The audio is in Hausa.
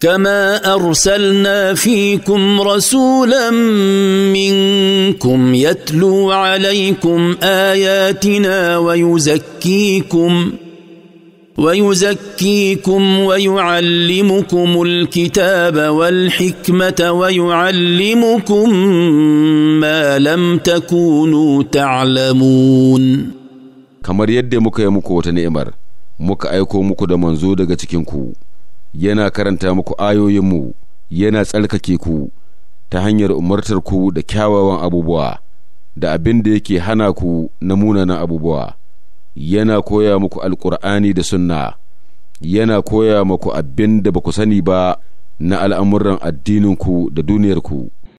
كما ارسلنا فيكم رسولا منكم يتلو عليكم اياتنا ويزكيكم ويزكيكم ويعلمكم الكتاب والحكمه ويعلمكم ما لم تكونوا تعلمون kamar yadda muka yi muku wata ni'imar muka aiko muku da manzo daga cikinku yana karanta muku ayoyinmu yana tsarkake ku ta hanyar umartar ku da kyawawan abubuwa da abin da yake hana ku na munanan abubuwa yana koya muku alkur'ani da sunna yana koya muku abin da ba ku sani ba na al'amuran addininku da duniyarku